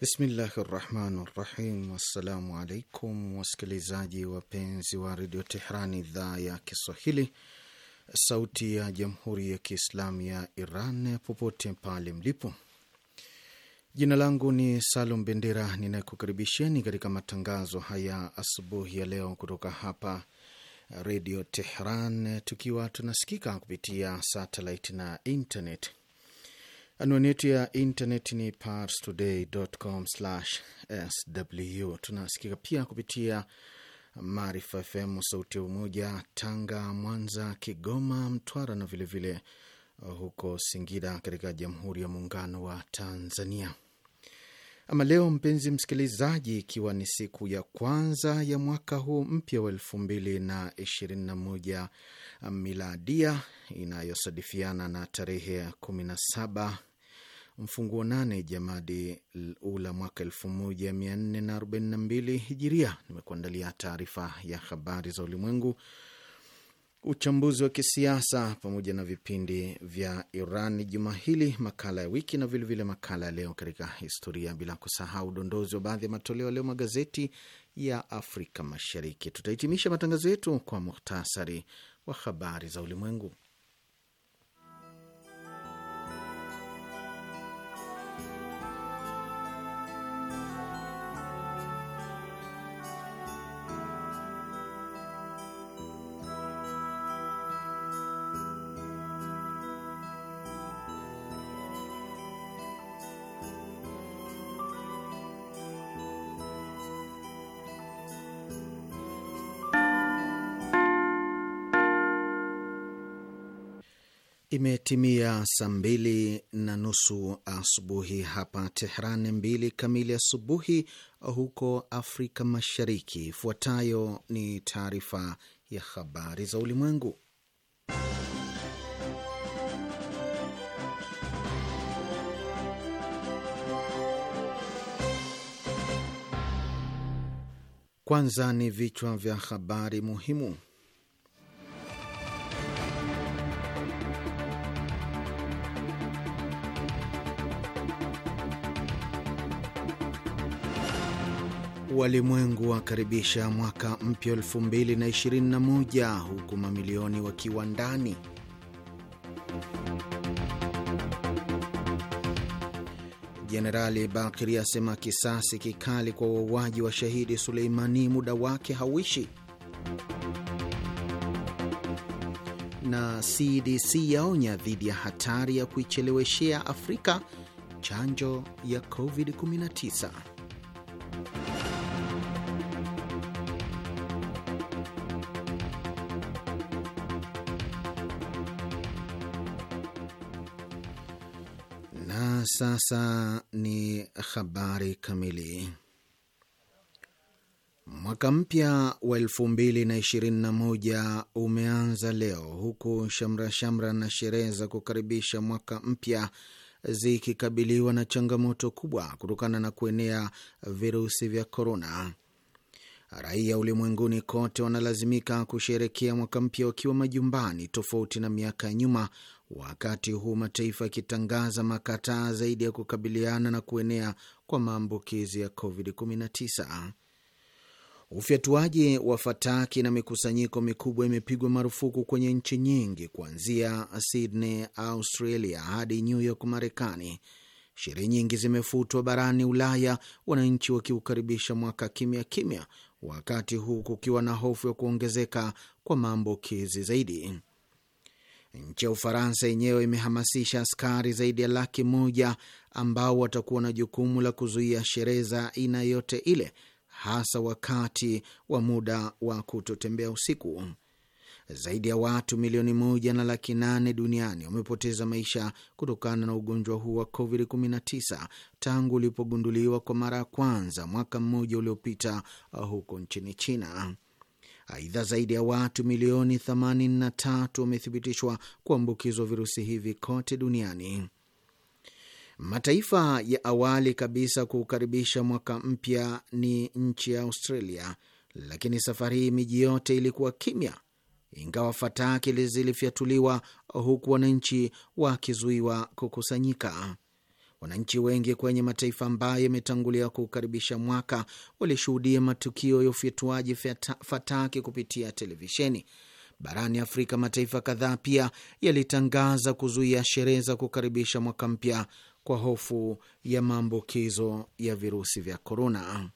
Bismillahi rahmani rahim. Wassalamu alaikum wasikilizaji wapenzi wa redio Tehran, idhaa ya Kiswahili, sauti ya jamhuri ya kiislamu ya Iran, popote pale mlipo. Jina langu ni Salum Bendera, ninayekukaribisheni katika matangazo haya asubuhi ya leo kutoka hapa redio Tehran, tukiwa tunasikika kupitia satelit na internet. Anwani yetu ya intaneti ni parstoday.com/sw. Tunasikika pia kupitia Maarifa FM, Sauti ya Umoja, Tanga, Mwanza, Kigoma, Mtwara na vilevile vile uh, huko Singida katika Jamhuri ya Muungano wa Tanzania. Ama leo, mpenzi msikilizaji, ikiwa ni siku ya kwanza ya mwaka huu mpya wa elfu mbili na ishirini na moja miladia inayosadifiana na tarehe ya kumi na saba mfunguo nane Jamadi Ula mwaka elfu moja mia nne na arobaini na mbili Hijiria. Nimekuandalia taarifa ya habari za ulimwengu, uchambuzi wa kisiasa, pamoja na vipindi vya Iran juma hili, makala ya wiki na vilevile vile makala ya leo katika historia, bila kusahau udondozi wa baadhi ya matoleo leo magazeti ya Afrika Mashariki. Tutahitimisha matangazo yetu kwa muhtasari wa habari za ulimwengu. Imetimia saa mbili na nusu asubuhi hapa Tehran, mbili kamili asubuhi huko Afrika Mashariki. Ifuatayo ni taarifa ya habari za ulimwengu, kwanza ni vichwa vya habari muhimu. Walimwengu wakaribisha mwaka mpya 221 huku mamilioni wakiwa ndani. Jenerali Bakiri asema kisasi kikali kwa wauaji wa shahidi Suleimani muda wake hauishi. Na CDC yaonya dhidi ya hatari ya kuicheleweshea Afrika chanjo ya COVID-19. Sasa ni habari kamili. Mwaka mpya wa elfu mbili na ishirini na moja umeanza leo huku shamra shamra na sherehe za kukaribisha mwaka mpya zikikabiliwa na changamoto kubwa kutokana na kuenea virusi vya korona. Raia ulimwenguni kote wanalazimika kusherekea mwaka mpya wakiwa majumbani, tofauti na miaka ya nyuma wakati huu mataifa yakitangaza makataa zaidi ya kukabiliana na kuenea kwa maambukizi ya COVID-19. Ufyatuaji wa fataki na mikusanyiko mikubwa imepigwa marufuku kwenye nchi nyingi kuanzia Sydney, Australia hadi New York, Marekani. Sherehe nyingi zimefutwa barani Ulaya, wananchi wakiukaribisha mwaka kimya kimya, wakati huu kukiwa na hofu ya kuongezeka kwa maambukizi zaidi. Nchi ya Ufaransa yenyewe imehamasisha askari zaidi ya laki moja ambao watakuwa na jukumu la kuzuia sherehe za aina yote ile, hasa wakati wa muda wa kutotembea usiku. Zaidi ya watu milioni moja na laki nane duniani wamepoteza maisha kutokana na ugonjwa huu wa COVID-19 tangu ulipogunduliwa kwa mara ya kwanza mwaka mmoja uliopita uh, huko nchini China. Aidha, zaidi ya watu milioni 83 wamethibitishwa kuambukizwa virusi hivi kote duniani. Mataifa ya awali kabisa kuukaribisha mwaka mpya ni nchi ya Australia, lakini safari hii miji yote ilikuwa kimya, ingawa fataki zilifyatuliwa huku wananchi wakizuiwa kukusanyika. Wananchi wengi kwenye mataifa ambayo yametangulia kukaribisha mwaka walishuhudia matukio ya ufyatuaji fataki kupitia televisheni. Barani Afrika, mataifa kadhaa pia yalitangaza kuzuia sherehe za kukaribisha mwaka mpya kwa hofu ya maambukizo ya virusi vya korona.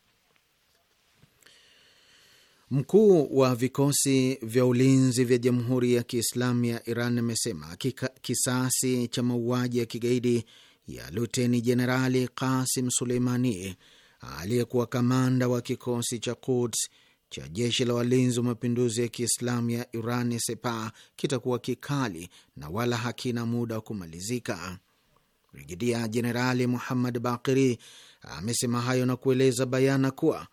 Mkuu wa vikosi vya ulinzi vya Jamhuri ya Kiislamu ya Iran amesema kisasi cha mauaji ya kigaidi ya Luteni Jenerali Kasim Suleimani aliyekuwa kamanda wa kikosi cha Quds cha jeshi la walinzi wa mapinduzi ya Kiislamu ya Iran sepa kitakuwa kikali na wala hakina muda wa kumalizika. Brigedia Jenerali Muhammad Bakiri amesema hayo na kueleza bayana kuwa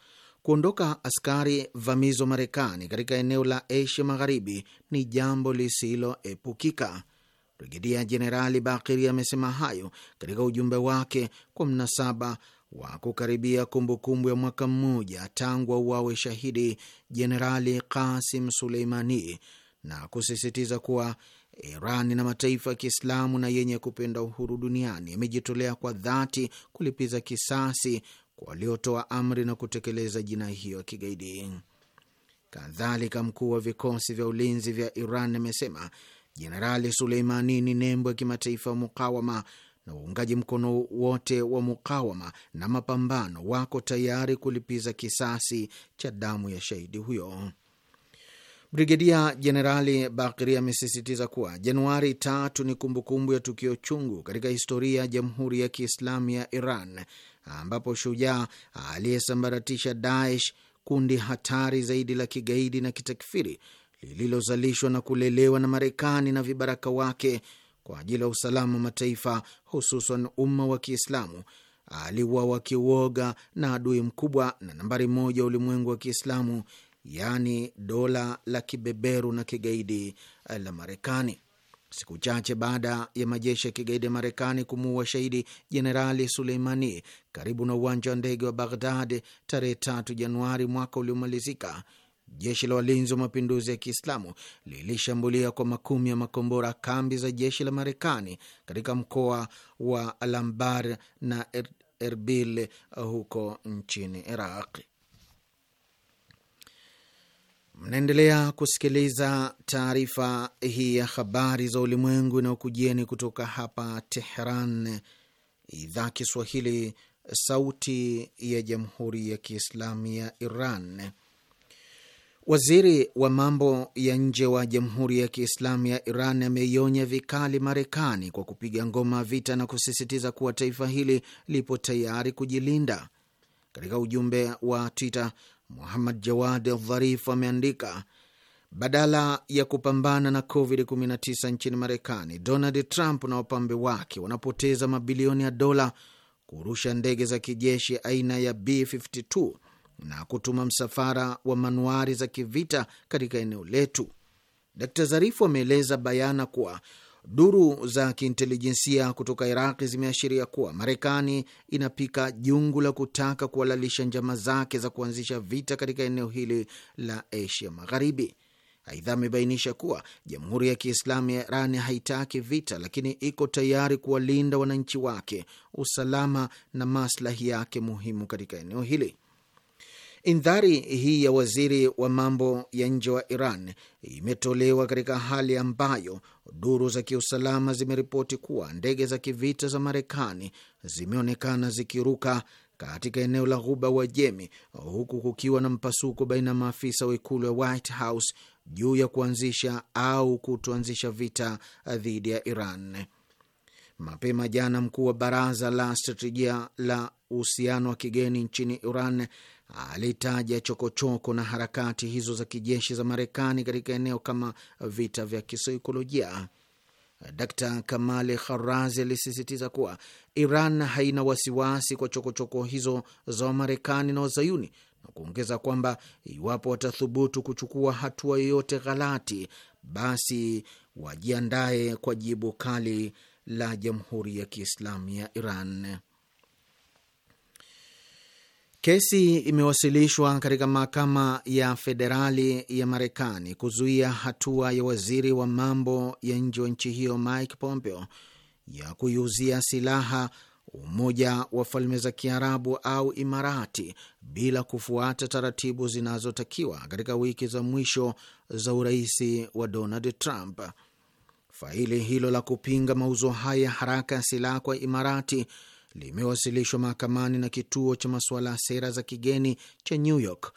kuondoka askari vamizi wa Marekani katika eneo la Asia Magharibi ni jambo lisiloepukika Brigedia Jenerali Bakiri amesema hayo katika ujumbe wake kwa mnasaba wa kukaribia kumbukumbu ya mwaka mmoja tangu auawe shahidi Jenerali Kasim Suleimani na kusisitiza kuwa Iran na mataifa ya Kiislamu na yenye kupenda uhuru duniani yamejitolea kwa dhati kulipiza kisasi kwa waliotoa amri na kutekeleza jinai hiyo ya kigaidi. Kadhalika, mkuu wa vikosi vya ulinzi vya Iran amesema Jenerali Suleimani ni nembo ya kimataifa ya mukawama na waungaji mkono wote wa mukawama na mapambano wako tayari kulipiza kisasi cha damu ya shahidi huyo. Brigedia Jenerali Bakri amesisitiza kuwa Januari tatu ni kumbukumbu kumbu ya tukio chungu katika historia ya Jamhuri ya Kiislamu ya Iran, ambapo shujaa aliyesambaratisha Daesh, kundi hatari zaidi la kigaidi na kitakfiri, lililozalishwa na kulelewa na Marekani na vibaraka wake kwa ajili ya usalama wa mataifa, hususan umma wa Kiislamu, aliwa wakiuoga na adui mkubwa na nambari moja ulimwengu wa Kiislamu, yaani dola la kibeberu na kigaidi la Marekani. Siku chache baada ya majeshi ya kigaidi ya Marekani kumuua shahidi Jenerali Suleimani karibu na uwanja wa ndege wa Baghdad tarehe 3 Januari mwaka uliomalizika, Jeshi la walinzi wa mapinduzi ya Kiislamu lilishambulia kwa makumi ya makombora kambi za jeshi la Marekani katika mkoa wa Alambar na er-, Erbil huko nchini Iraq. Mnaendelea kusikiliza taarifa hii ya habari za ulimwengu inayokujieni kutoka hapa Tehran, idhaa Kiswahili, sauti ya jamhuri ya Kiislamu ya Iran. Waziri wa mambo ya nje wa Jamhuri ya Kiislamu ya Iran ameionya vikali Marekani kwa kupiga ngoma vita na kusisitiza kuwa taifa hili lipo tayari kujilinda. Katika ujumbe wa Twitter, Muhammad Jawad Dharif ameandika badala ya kupambana na COVID-19 nchini Marekani, Donald Trump na wapambe wake wanapoteza mabilioni ya dola kurusha ndege za kijeshi aina ya B52 na kutuma msafara wa manuari za kivita katika eneo letu. d Zarifu ameeleza bayana kuwa duru za kiintelijensia kutoka Iraqi zimeashiria kuwa Marekani inapika jungu la kutaka kuhalalisha njama zake za kuanzisha vita katika eneo hili la Asia Magharibi. Aidha, amebainisha kuwa Jamhuri ya Kiislamu ya Irani haitaki vita, lakini iko tayari kuwalinda wananchi wake, usalama na maslahi yake muhimu katika eneo hili. Indhari hii ya waziri wa mambo ya nje wa Iran imetolewa katika hali ambayo duru za kiusalama zimeripoti kuwa ndege za kivita za Marekani zimeonekana zikiruka katika eneo la Ghuba Wajemi, huku kukiwa na mpasuko baina ya maafisa wa ikulu ya White House juu ya kuanzisha au kutoanzisha vita dhidi ya Iran. Mapema jana mkuu wa baraza la stratejia la uhusiano wa kigeni nchini Iran alitaja chokochoko na harakati hizo za kijeshi za Marekani katika eneo kama vita vya kisaikolojia. Dkt Kamali Kharazi alisisitiza kuwa Iran haina wasiwasi kwa chokochoko hizo za Wamarekani na Wazayuni, na kuongeza kwamba iwapo watathubutu kuchukua hatua yoyote ghalati, basi wajiandaye kwa jibu kali la Jamhuri ya Kiislamu ya Iran. Kesi imewasilishwa katika mahakama ya federali ya Marekani kuzuia hatua ya waziri wa mambo ya nje wa nchi hiyo Mike Pompeo ya kuiuzia silaha Umoja wa Falme za Kiarabu au Imarati bila kufuata taratibu zinazotakiwa katika wiki za mwisho za urais wa Donald Trump. Faili hilo la kupinga mauzo haya haraka ya silaha kwa Imarati limewasilishwa mahakamani na kituo cha masuala ya sera za kigeni cha New York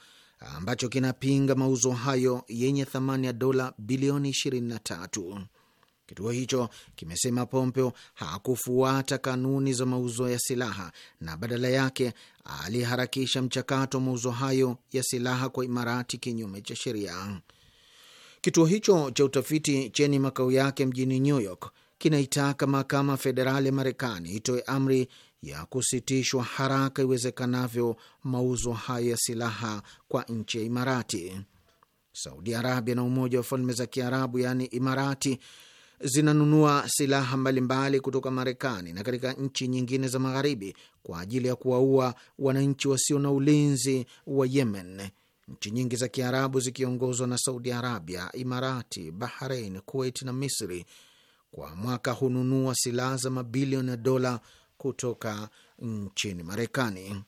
ambacho kinapinga mauzo hayo yenye thamani ya dola bilioni 23. Kituo hicho kimesema Pompeo hakufuata kanuni za mauzo ya silaha na badala yake aliharakisha mchakato wa mauzo hayo ya silaha kwa Imarati kinyume cha sheria. Kituo hicho cha utafiti chenye makao yake mjini New York kinaitaka mahakama federali ya Marekani itoe amri ya kusitishwa haraka iwezekanavyo mauzo haya ya silaha kwa nchi ya Imarati. Saudi Arabia na Umoja wa Falme za Kiarabu yaani Imarati zinanunua silaha mbalimbali kutoka Marekani na katika nchi nyingine za Magharibi kwa ajili ya kuwaua wananchi wasio na ulinzi wa Yemen. Nchi nyingi za Kiarabu zikiongozwa na Saudi Arabia, Imarati, Bahrain, Kuwait na Misri kwa mwaka hununua silaha za mabilioni ya dola kutoka nchini Marekani.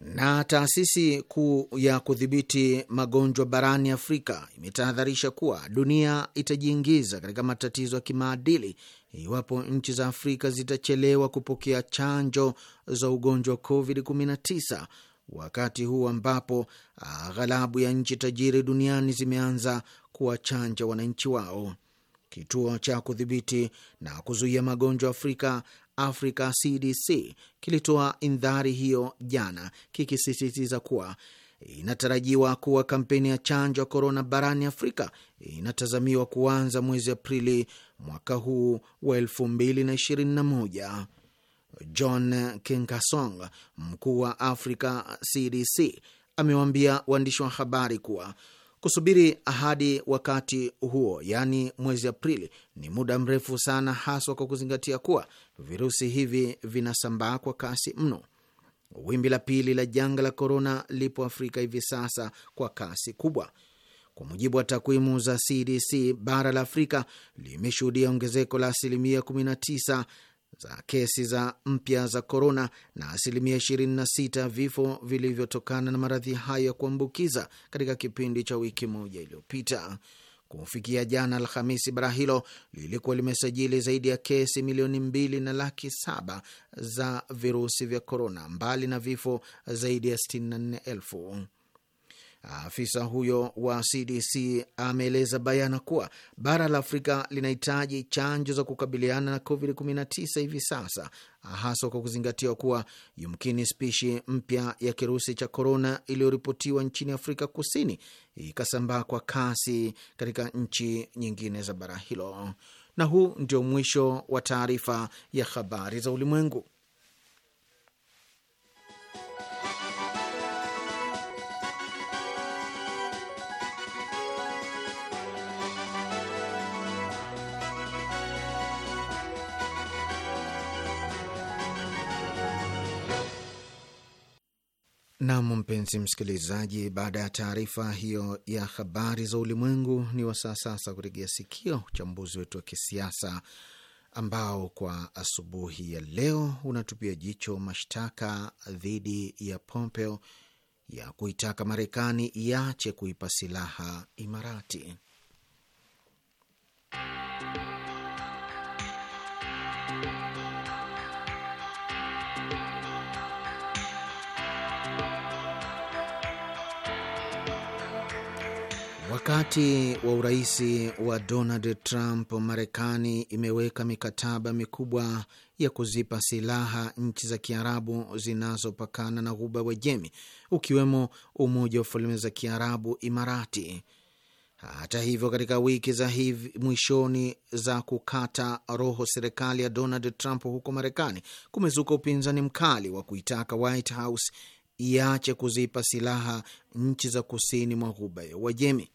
Na taasisi kuu ya kudhibiti magonjwa barani Afrika imetahadharisha kuwa dunia itajiingiza katika matatizo ya kimaadili iwapo nchi za Afrika zitachelewa kupokea chanjo za ugonjwa wa COVID-19 wakati huu ambapo aghalabu ah, ya nchi tajiri duniani zimeanza kuwachanja wananchi wao. Kituo cha kudhibiti na kuzuia magonjwa Afrika Africa CDC kilitoa indhari hiyo jana, kikisisitiza kuwa inatarajiwa kuwa kampeni ya chanjo ya korona barani Afrika inatazamiwa kuanza mwezi Aprili mwaka huu wa 221 John Kinkasong, mkuu wa Africa CDC, amewaambia waandishi wa habari kuwa Kusubiri hadi wakati huo, yaani mwezi Aprili, ni muda mrefu sana, haswa kwa kuzingatia kuwa virusi hivi vinasambaa kwa kasi mno. Wimbi la pili la janga la korona lipo Afrika hivi sasa kwa kasi kubwa. Kwa mujibu wa takwimu za CDC, bara la Afrika limeshuhudia ongezeko la asilimia 19 za kesi za mpya za korona na asilimia 26 vifo vilivyotokana na maradhi hayo ya kuambukiza katika kipindi cha wiki moja iliyopita. Kufikia jana Alhamisi, bara hilo lilikuwa limesajili zaidi ya kesi milioni mbili na laki saba za virusi vya korona, mbali na vifo zaidi ya 64 elfu. Afisa huyo wa CDC ameeleza bayana kuwa bara la Afrika linahitaji chanjo za kukabiliana na COVID-19 hivi sasa, haswa kwa kuzingatia kuwa yumkini spishi mpya ya kirusi cha korona iliyoripotiwa nchini Afrika Kusini ikasambaa kwa kasi katika nchi nyingine za bara hilo. Na huu ndio mwisho wa taarifa ya habari za ulimwengu. Nam, mpenzi msikilizaji, baada ya taarifa hiyo ya habari za ulimwengu, ni wasaa sasa sikio uchambuzi wetu wa kisiasa ambao kwa asubuhi ya leo unatupia jicho mashtaka dhidi ya Pompeo ya kuitaka Marekani iache kuipa silaha Imarati. Wakati wa urais wa Donald Trump, Marekani imeweka mikataba mikubwa ya kuzipa silaha nchi za Kiarabu zinazopakana na ghuba Wajemi, ukiwemo Umoja wa Falme za Kiarabu, Imarati. Hata hivyo, katika wiki za hivi mwishoni za kukata roho serikali ya Donald Trump huko Marekani, kumezuka upinzani mkali wa kuitaka White House iache kuzipa silaha nchi za kusini mwa ghuba ya Uajemi.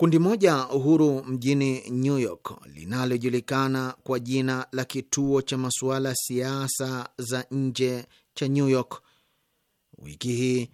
Kundi moja uhuru mjini New York linalojulikana kwa jina la kituo cha masuala ya siasa za nje cha New York wiki hii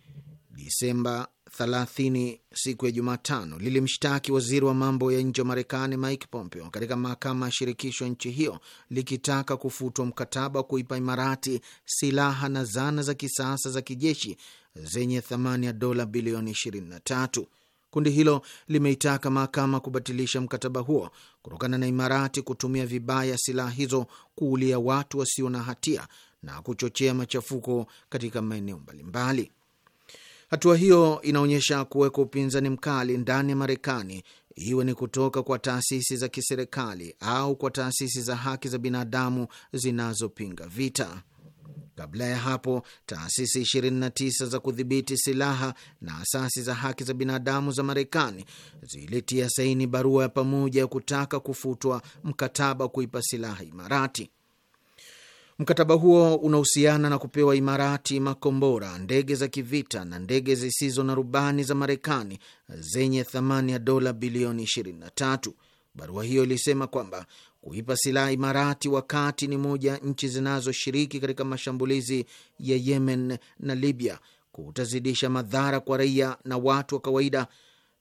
Disemba 30 siku ya Jumatano lilimshtaki waziri wa mambo ya nje wa Marekani Mike Pompeo katika mahakama ya shirikisho nchi hiyo likitaka kufutwa mkataba wa kuipa Imarati silaha na zana za kisasa za kijeshi zenye thamani ya dola bilioni 23. Kundi hilo limeitaka mahakama kubatilisha mkataba huo kutokana na Imarati kutumia vibaya silaha hizo kuulia watu wasio na hatia na kuchochea machafuko katika maeneo mbalimbali. Hatua hiyo inaonyesha kuweka upinzani mkali ndani ya Marekani, iwe ni kutoka kwa taasisi za kiserikali au kwa taasisi za haki za binadamu zinazopinga vita. Kabla ya hapo, taasisi 29 za kudhibiti silaha na asasi za haki za binadamu za Marekani zilitia saini barua ya pamoja ya kutaka kufutwa mkataba wa kuipa silaha Imarati. Mkataba huo unahusiana na kupewa Imarati makombora, ndege za kivita na ndege zisizo na rubani za Marekani zenye thamani ya dola bilioni 23. Barua hiyo ilisema kwamba kuipa silaha Imarati wakati ni moja nchi zinazoshiriki katika mashambulizi ya Yemen na Libya kutazidisha madhara kwa raia na watu wa kawaida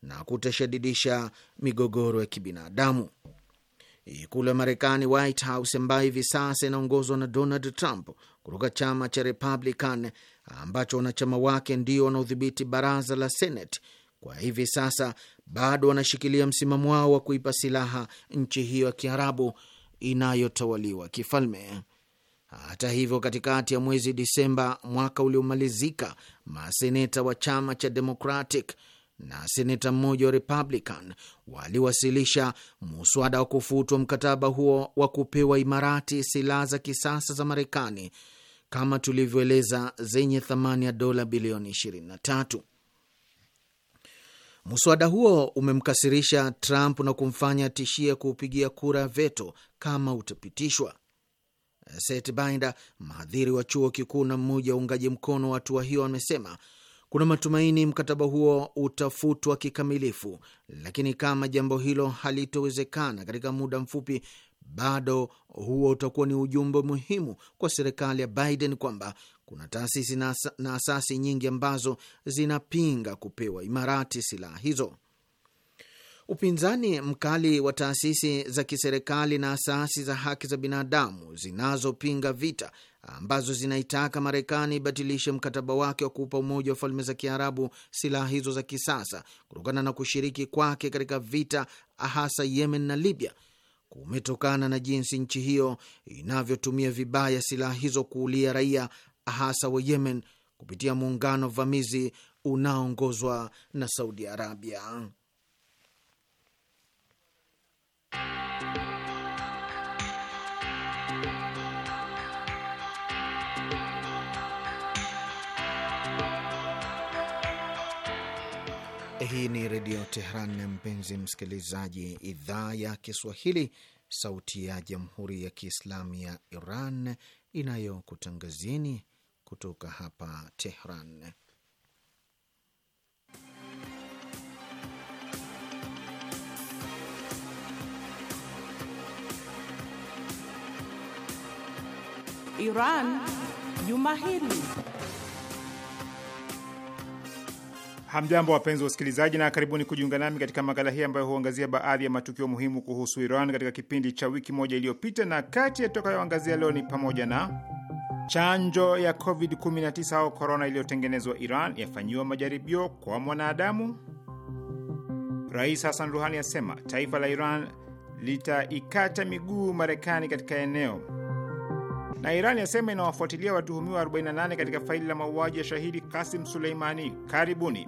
na kutashadidisha migogoro ya kibinadamu. Ikulu ya Marekani, White House, ambayo hivi sasa inaongozwa na Donald Trump kutoka chama cha Republican ambacho wanachama wake ndio wanaodhibiti baraza la Senate kwa hivi sasa bado wanashikilia msimamo wao wa kuipa silaha nchi hiyo ya Kiarabu inayotawaliwa kifalme. Hata hivyo, katikati ya mwezi Disemba mwaka uliomalizika, maseneta wa chama cha Democratic na seneta mmoja wa Republican waliwasilisha muswada wa kufutwa mkataba huo wa kupewa Imarati silaha za kisasa za Marekani kama tulivyoeleza, zenye thamani ya dola bilioni 23. Mswada huo umemkasirisha Trump na kumfanya tishia kuupigia kura veto kama utapitishwa. Seth Binder, mhadhiri wa chuo kikuu na mmoja wa uungaji mkono wa hatua hiyo, amesema kuna matumaini mkataba huo utafutwa kikamilifu, lakini kama jambo hilo halitowezekana katika muda mfupi, bado huo utakuwa ni ujumbe muhimu kwa serikali ya Biden kwamba kuna taasisi na asasi nyingi ambazo zinapinga kupewa Imarati silaha hizo. Upinzani mkali wa taasisi za kiserikali na asasi za haki za binadamu zinazopinga vita ambazo zinaitaka Marekani ibatilishe mkataba wake wa kuupa Umoja wa Falme za Kiarabu silaha hizo za kisasa kutokana na kushiriki kwake katika vita hasa Yemen na Libya kumetokana na jinsi nchi hiyo inavyotumia vibaya silaha hizo kuulia raia, hasa wa Yemen, kupitia muungano vamizi unaoongozwa na Saudi Arabia. Hii ni Redio Tehran, mpenzi msikilizaji, idhaa ya Kiswahili, sauti ya Jamhuri ya Kiislamu ya Iran inayokutangazieni kutoka hapa Tehran. Iran Juma Hili. Hamjambo, wapenzi wa usikilizaji, na karibuni kujiunga nami katika makala hii ambayo huangazia baadhi ya matukio muhimu kuhusu Iran katika kipindi cha wiki moja iliyopita, na kati ya tutakayoangazia leo ni pamoja na chanjo ya COVID-19 au korona iliyotengenezwa Iran yafanyiwa majaribio kwa mwanadamu. Rais Hassan Ruhani asema taifa la Iran litaikata miguu Marekani katika eneo na Iran yasema inawafuatilia watuhumiwa 48 katika faili la mauaji ya shahidi Kasim Suleimani. Karibuni.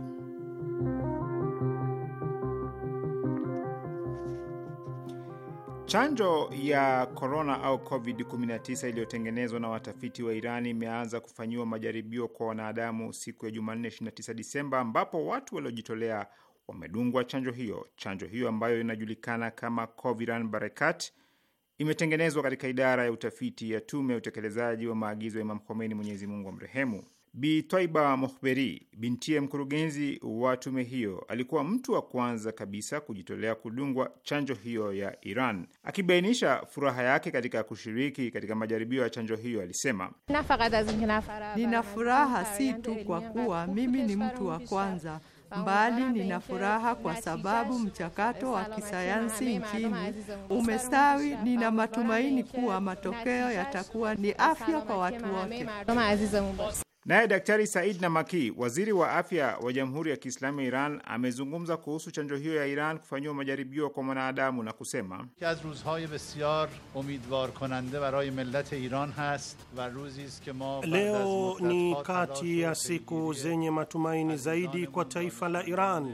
Chanjo ya korona au COVID-19 iliyotengenezwa na watafiti wa Irani imeanza kufanyiwa majaribio kwa wanadamu siku ya Jumanne 29 Disemba, ambapo watu waliojitolea wamedungwa chanjo hiyo. Chanjo hiyo ambayo inajulikana kama Coviran Barekat imetengenezwa katika idara ya utafiti ya tume ya utekelezaji wa maagizo ya Imam Khomeini, Mwenyezi Mungu amrehemu. Bi Twaiba Mohberi, bintiye mkurugenzi wa tume hiyo, alikuwa mtu wa kwanza kabisa kujitolea kudungwa chanjo hiyo ya Iran. Akibainisha furaha yake katika kushiriki katika majaribio ya chanjo hiyo, alisema nina furaha si tu kwa kuwa mimi ni mtu wa kwanza mbali nina furaha kwa sababu mchakato wa kisayansi nchini umestawi. Nina matumaini kuwa matokeo yatakuwa ni afya kwa watu wote. Naye Daktari Said Namaki, waziri wa afya wa Jamhuri ya Kiislamu ya Iran, amezungumza kuhusu chanjo hiyo ya Iran kufanyiwa majaribio kwa mwanadamu na kusema, leo ni kati ya siku zenye matumaini zaidi kwa taifa la Iran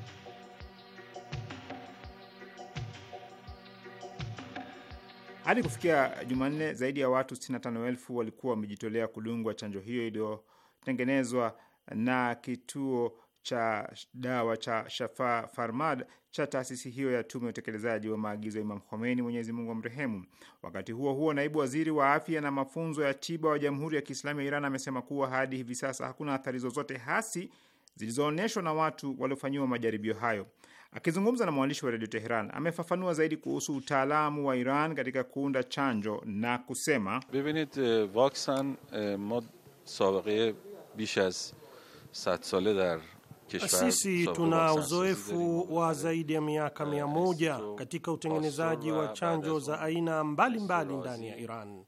Hadi kufikia Jumanne, zaidi ya watu 65,000 walikuwa wamejitolea kudungwa chanjo hiyo iliyotengenezwa na kituo cha dawa cha Shafa Farmad cha taasisi hiyo ya tume ya utekelezaji wa maagizo ya Imam Khomeini, Mwenyezi Mungu amrehemu. Wakati huo huo, naibu waziri wa afya na mafunzo ya tiba wa Jamhuri ya Kiislamu ya Iran amesema kuwa hadi hivi sasa hakuna athari zozote hasi zilizoonyeshwa na watu waliofanyiwa majaribio hayo. Akizungumza na mwandishi wa redio Teheran, amefafanua zaidi kuhusu utaalamu wa Iran katika kuunda chanjo na kusema bevinid vaksan ma sabaqe bish az sad dar sisi tuna uzoefu wa zaidi ya miaka mia moja katika utengenezaji wa chanjo za aina mbalimbali ndani ya Iran.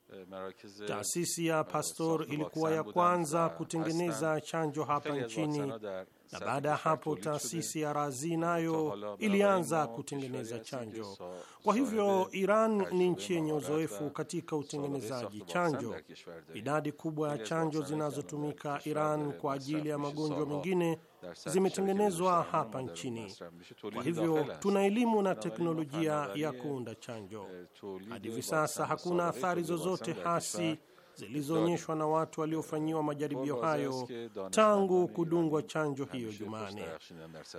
Taasisi ya pastor ilikuwa ya kwanza kutengeneza chanjo hapa nchini na baada ya hapo taasisi ya Razi nayo ilianza kutengeneza chanjo. Kwa hivyo, Iran ni nchi yenye uzoefu katika utengenezaji chanjo. Idadi kubwa ya chanjo zinazotumika Iran kwa ajili ya magonjwa mengine zimetengenezwa hapa nchini. Kwa hivyo tuna elimu na teknolojia ya kuunda chanjo. Hadi hivi sasa hakuna athari zozote hasi zilizoonyeshwa na watu waliofanyiwa majaribio hayo tangu kudungwa chanjo hiyo jumane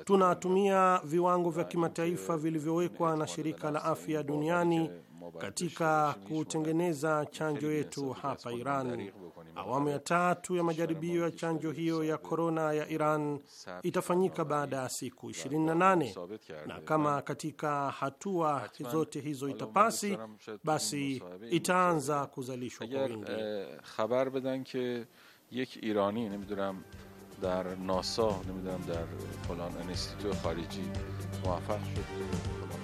Tunatumia viwango vya kimataifa vilivyowekwa na shirika la afya duniani katika kutengeneza chanjo yetu hapa Iran. Awamu ya tatu ya majaribio ya chanjo hiyo ya korona ya Iran itafanyika baada ya siku 28 na kama katika hatua zote hizo itapasi, basi itaanza kuzalishwa kwa wingi. Eh, khabar bedan ke yek irani dar nasa dar falan institut khariji shud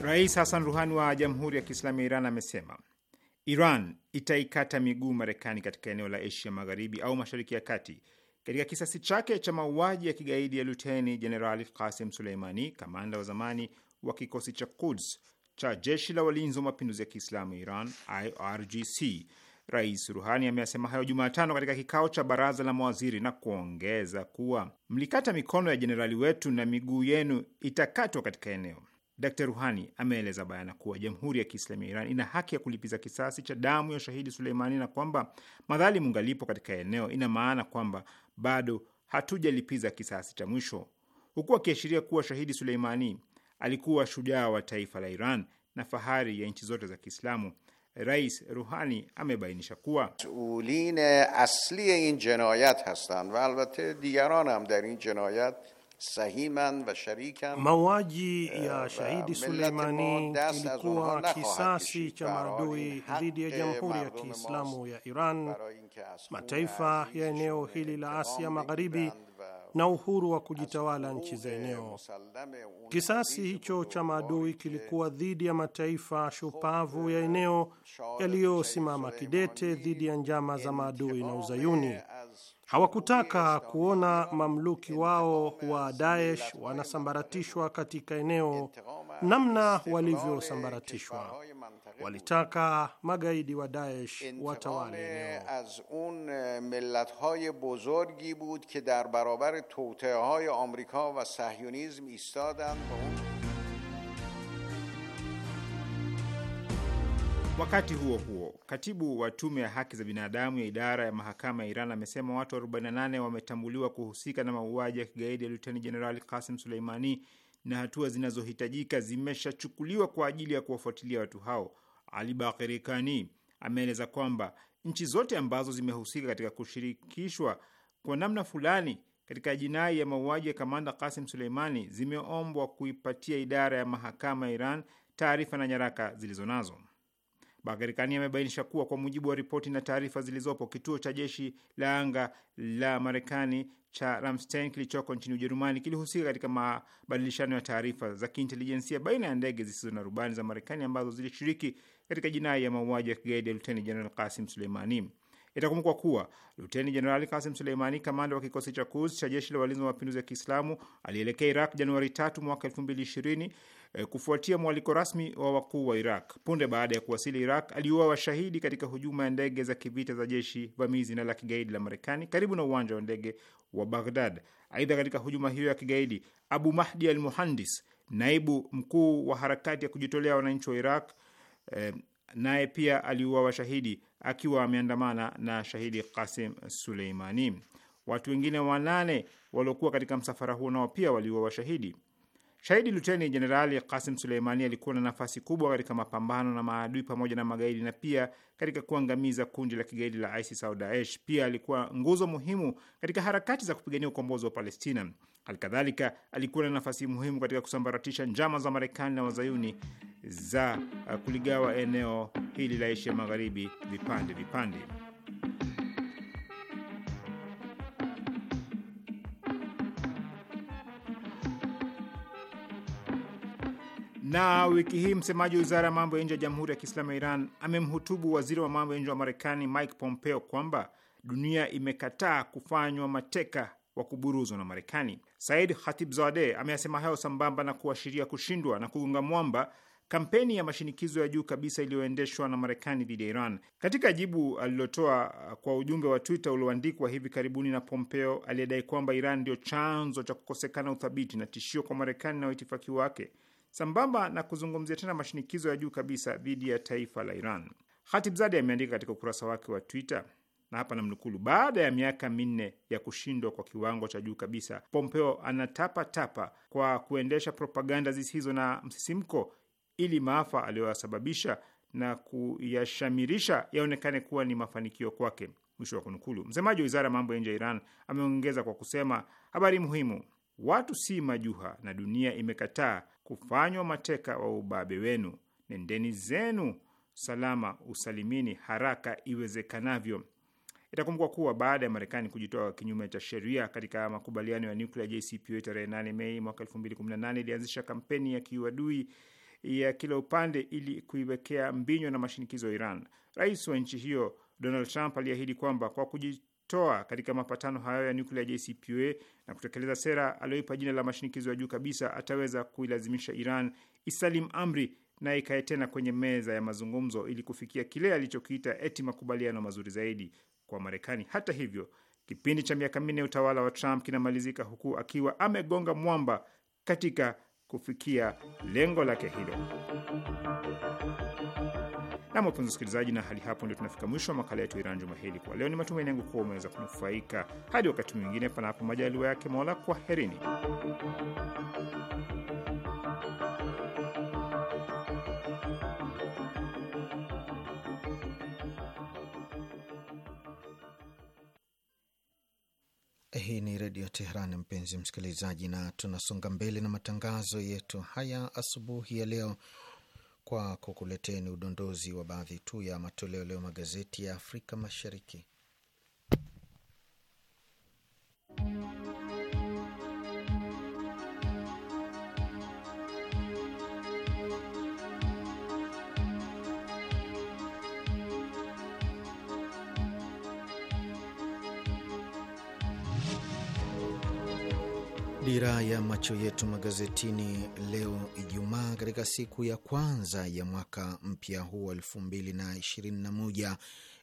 Rais Hassan Ruhani wa Jamhuri ya Kiislamu ya Iran amesema Iran itaikata miguu Marekani katika eneo la Asia Magharibi au Mashariki ya Kati katika kisasi chake cha mauaji ya kigaidi ya Luteni Jenerali Kasim Suleimani, kamanda wa zamani wa kikosi cha Quds cha jeshi la walinzi wa mapinduzi ya Kiislamu Iran, IRGC. Rais Ruhani ameyasema hayo Jumatano katika kikao cha baraza la mawaziri na kuongeza kuwa mlikata mikono ya jenerali wetu na miguu yenu itakatwa katika eneo dr Ruhani ameeleza bayana kuwa Jamhuri ya Kiislamu ya Iran ina haki ya kulipiza kisasi cha damu ya shahidi Suleimani na kwamba madhalimu ngalipo katika eneo, ina maana kwamba bado hatujalipiza kisasi cha mwisho, huku akiashiria kuwa shahidi Suleimani alikuwa shujaa wa taifa la Iran na fahari ya nchi zote za Kiislamu. Rais Ruhani amebainisha kuwa masuline asli in jinayat hastan wa albatte digaran ham dar in jinayat Mauaji eh, ya shahidi Suleimani ilikuwa kisasi cha maadui dhidi ya jamhuri ya Kiislamu ya Iran, mataifa ya eneo hili la Asia Magharibi na uhuru wa kujitawala nchi za eneo. Kisasi hicho cha maadui kilikuwa dhidi ya mataifa shupavu ya eneo yaliyosimama kidete dhidi ya njama za maadui na Uzayuni. Hawakutaka kuona mamluki wao wa Daesh wanasambaratishwa katika eneo namna walivyosambaratishwa. Walitaka magaidi wa Daesh watawale eneo. Wakati huo huo, katibu wa tume ya haki za binadamu ya idara ya mahakama ya Iran amesema watu 48 wametambuliwa kuhusika na mauaji ya kigaidi ya luteni jenerali Kasim Suleimani na hatua zinazohitajika zimeshachukuliwa kwa ajili ya kuwafuatilia watu hao. Ali Bakiri Kani ameeleza kwamba nchi zote ambazo zimehusika katika kushirikishwa kwa namna fulani katika jinai ya mauaji ya kamanda Kasim Suleimani zimeombwa kuipatia idara ya mahakama ya Iran taarifa na nyaraka zilizo nazo. Bagherikani amebainisha kuwa kwa mujibu wa ripoti na taarifa zilizopo, kituo cha jeshi la anga la Marekani cha Ramstein kilichoko nchini Ujerumani kilihusika katika mabadilishano ya taarifa za kiintelijensia baina ya ndege zisizo na rubani za Marekani ambazo zilishiriki katika jinai ya mauaji ya kigaidi ya Luteni Jenerali Kasim Suleimani. Itakumbukwa kuwa Luteni Jenerali Kasim Suleimani, kamanda wa kikosi cha kuz cha jeshi la walinzi wa mapinduzi ya Kiislamu, alielekea Iraq Januari 3 mwaka 2020 Eh, kufuatia mwaliko rasmi wa wakuu wa Iraq. Punde baada ya kuwasili Iraq, aliuawa washahidi katika hujuma ya ndege za kivita za jeshi vamizi na la kigaidi la Marekani karibu na uwanja wa ndege wa Baghdad. Aidha, katika hujuma hiyo ya kigaidi, Abu Mahdi al Muhandis, naibu mkuu wa harakati ya kujitolea wananchi wa Iraq, eh, naye pia aliuawa washahidi akiwa ameandamana na shahidi Qasim Suleimani. Watu wengine wanane waliokuwa katika msafara huo nao pia waliuawa washahidi Shahidi Luteni Jenerali Kasim Suleimani alikuwa na nafasi kubwa katika mapambano na maadui pamoja na magaidi na pia katika kuangamiza kundi la kigaidi la ISIS au Daesh. Pia alikuwa nguzo muhimu katika harakati za kupigania ukombozi wa Palestina. Halikadhalika, alikuwa na nafasi muhimu katika kusambaratisha njama za Marekani na Wazayuni za uh, kuligawa eneo hili la Asia Magharibi vipande vipande. Na wiki hii msemaji wa wizara ya mambo ya nje ya Jamhuri ya Kiislamu ya Iran amemhutubu waziri wa mambo ya nje wa Marekani Mike Pompeo kwamba dunia imekataa kufanywa mateka wa kuburuzwa na Marekani. Said Khatibzadeh ameyasema hayo sambamba na kuashiria kushindwa na kugonga mwamba kampeni ya mashinikizo ya juu kabisa iliyoendeshwa na Marekani dhidi ya Iran. Katika jibu alilotoa kwa ujumbe wa Twitter ulioandikwa hivi karibuni na Pompeo aliyedai kwamba Iran ndio chanzo cha kukosekana uthabiti na tishio kwa Marekani na waitifaki wake sambamba na kuzungumzia tena mashinikizo ya juu kabisa dhidi ya taifa la Iran. Khatibzadeh ameandika katika ukurasa wake wa Twitter na hapa namnukulu: baada ya miaka minne ya kushindwa kwa kiwango cha juu kabisa, Pompeo anatapatapa kwa kuendesha propaganda zisizo na msisimko ili maafa aliyoyasababisha na kuyashamirisha yaonekane kuwa ni mafanikio kwake. Mwisho wa kunukulu. Msemaji wa wizara ya mambo ya nje ya Iran ameongeza kwa kusema, habari muhimu, watu si majuha na dunia imekataa kufanywa mateka wa ubabe wenu. Nendeni zenu salama usalimini haraka iwezekanavyo. Itakumbukwa kuwa baada ya Marekani kujitoa kinyume cha sheria katika makubaliano ya nuklia JCPOA tarehe 8 Mei mwaka 2018 ilianzisha kampeni ya kiuadui ya kila upande ili kuiwekea mbinywa na mashinikizo ya Iran. Rais wa nchi hiyo Donald Trump aliahidi kwamba kwa kuji kujitoa katika mapatano hayo ya nyuklia JCPOA na kutekeleza sera aliyoipa jina la mashinikizo ya juu kabisa, ataweza kuilazimisha Iran isalim amri na ikae tena kwenye meza ya mazungumzo ili kufikia kile alichokiita eti makubaliano mazuri zaidi kwa Marekani. Hata hivyo, kipindi cha miaka minne utawala wa Trump kinamalizika huku akiwa amegonga mwamba katika kufikia lengo lake hilo. Na wapenzi wasikilizaji, na hali hapo ndio tunafika mwisho wa makala yetu Iran juma hili kwa leo. Ni matumaini yangu kuwa umeweza kunufaika. Hadi wakati mwingine, panapo majaliwa yake Mola, kwaherini. Hii ni Redio Teheran, mpenzi msikilizaji, na tunasonga mbele na matangazo yetu haya asubuhi ya leo kwa kukuleteni udondozi wa baadhi tu ya matoleo leo magazeti ya Afrika Mashariki. macho yetu magazetini leo Ijumaa, katika siku ya kwanza ya mwaka mpya huu wa elfu mbili na ishirini na moja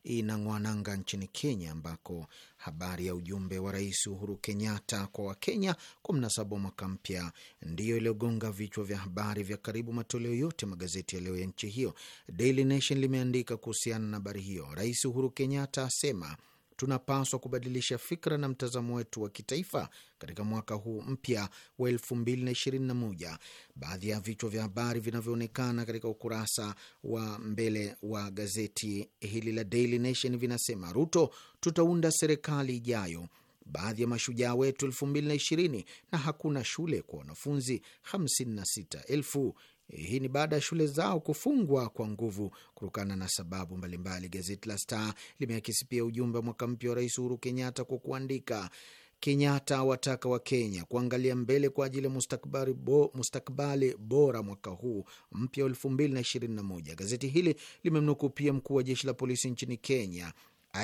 inang'wananga nchini Kenya, ambako habari ya ujumbe wa Rais Uhuru Kenyatta kwa Wakenya kwa mnasaba wa mwaka mpya ndiyo iliyogonga vichwa vya habari vya karibu matoleo yote magazeti ya leo ya nchi hiyo. Daily Nation limeandika kuhusiana na habari hiyo, Rais Uhuru Kenyatta asema tunapaswa kubadilisha fikra na mtazamo wetu wa kitaifa katika mwaka huu mpya wa 221 Baadhi ya vichwa vya habari vinavyoonekana katika ukurasa wa mbele wa gazeti hili la Daily Nation vinasema: Ruto, tutaunda serikali ijayo baadhi ya mashujaa wetu elfu mbili na ishirini na hakuna shule kwa wanafunzi elfu hamsini na sita hii ni baada ya shule zao kufungwa kwa nguvu kutokana na sababu mbalimbali. Gazeti la Star limeakisi pia ujumbe wa mwaka mpya wa Rais Uhuru Kenyatta kwa kuandika Kenyatta wataka wa Kenya kuangalia mbele kwa ajili ya mustakbali bo, bora mwaka huu mpya wa elfu mbili na ishirini na moja. Gazeti hili limemnukuu pia mkuu wa jeshi la polisi nchini Kenya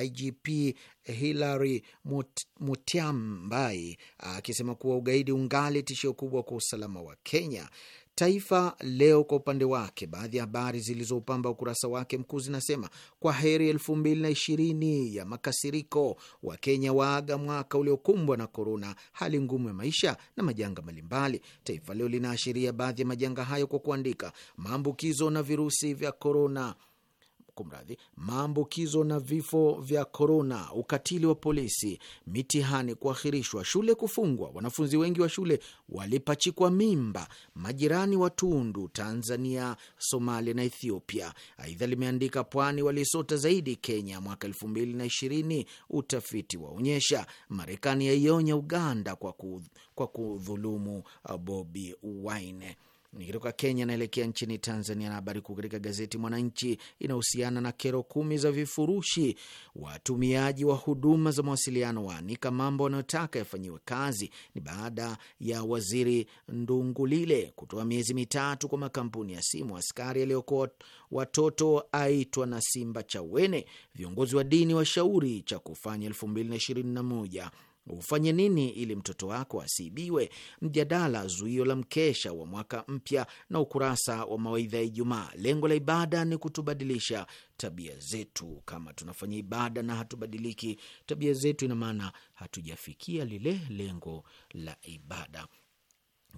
IGP Hilary Mutyambai akisema kuwa ugaidi ungali tishio kubwa kwa usalama wa Kenya. Taifa Leo kwa upande wake, baadhi ya habari zilizopamba ukurasa wake mkuu zinasema kwa heri elfu mbili na ishirini ya makasiriko, Wakenya waaga mwaka uliokumbwa na korona, hali ngumu ya maisha na majanga mbalimbali. Taifa Leo linaashiria baadhi ya majanga hayo kwa kuandika maambukizo na virusi vya korona kumradhi, maambukizo na vifo vya korona, ukatili wa polisi, mitihani kuahirishwa, shule kufungwa, wanafunzi wengi wa shule walipachikwa mimba, majirani watundu Tanzania, Somalia na Ethiopia. Aidha limeandika pwani walisota zaidi Kenya mwaka elfu mbili na ishirini, utafiti waonyesha. Marekani yaionya Uganda kwa kudhulumu uh, Bobi Wine. Nikitoka Kenya naelekea nchini Tanzania, na habari kuu katika gazeti Mwananchi inahusiana na kero kumi za vifurushi. Watumiaji wa huduma za mawasiliano waanika mambo wanayotaka yafanyiwe kazi. Ni baada ya waziri Ndungulile kutoa miezi mitatu kwa makampuni ya simu. Askari aliyokuwa watoto aitwa na simba chawene. Viongozi wa dini washauri cha kufanya elfu mbili na ishirini na moja Ufanye nini ili mtoto wako asiibiwe? Mjadala zuio la mkesha wa mwaka mpya na ukurasa wa mawaidha ya Ijumaa. Lengo la ibada ni kutubadilisha tabia zetu. Kama tunafanya ibada na hatubadiliki tabia zetu, ina maana hatujafikia lile lengo la ibada.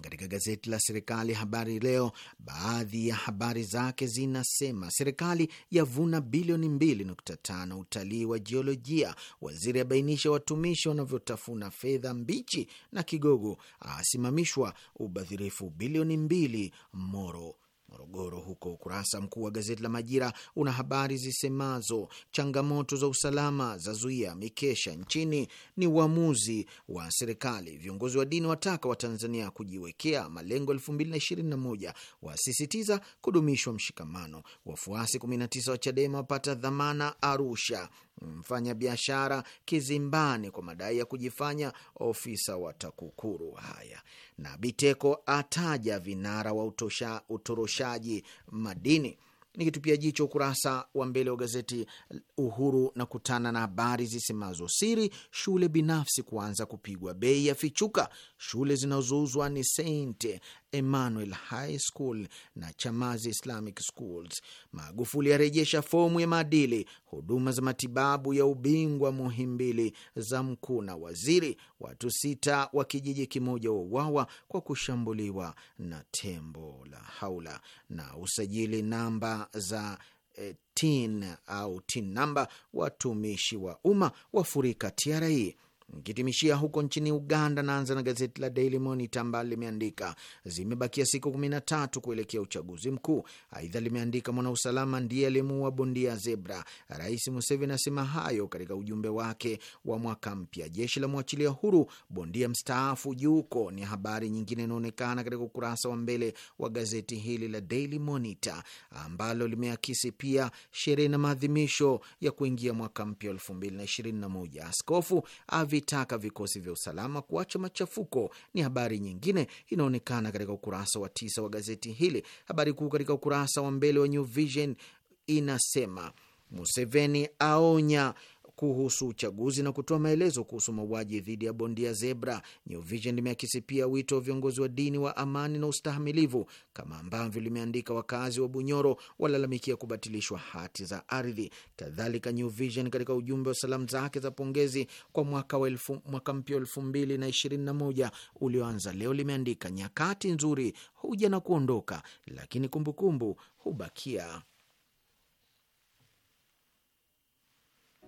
Katika gazeti la serikali Habari Leo, baadhi ya habari zake zinasema: serikali yavuna bilioni 2.5 utalii wa jiolojia, waziri abainisha watumishi wanavyotafuna fedha mbichi, na kigogo asimamishwa ubadhirifu bilioni 2 Moro. Morogoro. Huko ukurasa mkuu wa gazeti la Majira una habari zisemazo changamoto za usalama za zuia mikesha nchini, ni uamuzi wa serikali, viongozi wa dini wataka Watanzania kujiwekea malengo elfu wasisitiza kudumishwa mshikamano, wafuasi 19 wa Chadema wapata dhamana Arusha, mfanyabiashara kizimbani kwa madai ya kujifanya ofisa wa TAKUKURU. Haya, na Biteko ataja vinara wa utosha, utoroshaji madini ni kitupia jicho ukurasa wa mbele wa gazeti Uhuru na kutana na habari zisemazo siri shule binafsi kuanza kupigwa bei ya fichuka, shule zinazouzwa ni sente Emmanuel High School na Chamazi Islamic Schools. Magufuli yarejesha fomu ya maadili, huduma za matibabu ya ubingwa Muhimbili za mkuu na waziri. Watu sita wa kijiji kimoja wauawa kwa kushambuliwa na tembo la haula. Na usajili namba za eh, tin au tin namba watumishi wa umma wafurika TRA. Nikitimishia huko nchini Uganda, naanza na gazeti la Daily Monitor ambalo limeandika zimebakia siku kumi na tatu kuelekea uchaguzi mkuu. Aidha limeandika mwanausalama ndiye aliyemuua bondia Zebra. Rais Museveni asema hayo katika ujumbe wake wa mwaka mpya. Jeshi la mwachilia huru bondia mstaafu Juko ni habari nyingine inaonekana katika ukurasa wa mbele wa gazeti hili la Daily Monitor ambalo limeakisi pia sherehe na maadhimisho ya kuingia mwaka mpya elfu mbili na ishirini na moja. Askofu vitaka vikosi vya usalama kuacha machafuko ni habari nyingine inaonekana katika ukurasa wa tisa wa gazeti hili. Habari kuu katika ukurasa wa mbele wa New Vision inasema Museveni aonya kuhusu uchaguzi na kutoa maelezo kuhusu mauaji dhidi ya bondia Zebra. New Vision limeakisi pia wito wa viongozi wa dini wa amani na ustahamilivu, kama ambavyo limeandika wakazi wa Bunyoro walalamikia kubatilishwa hati za ardhi. Kadhalika, New Vision katika ujumbe wa salamu zake za pongezi kwa mwaka wa elfu, mwaka mpya elfu mbili na ishirini na moja ulioanza leo limeandika, nyakati nzuri huja na kuondoka, lakini kumbukumbu kumbu, hubakia.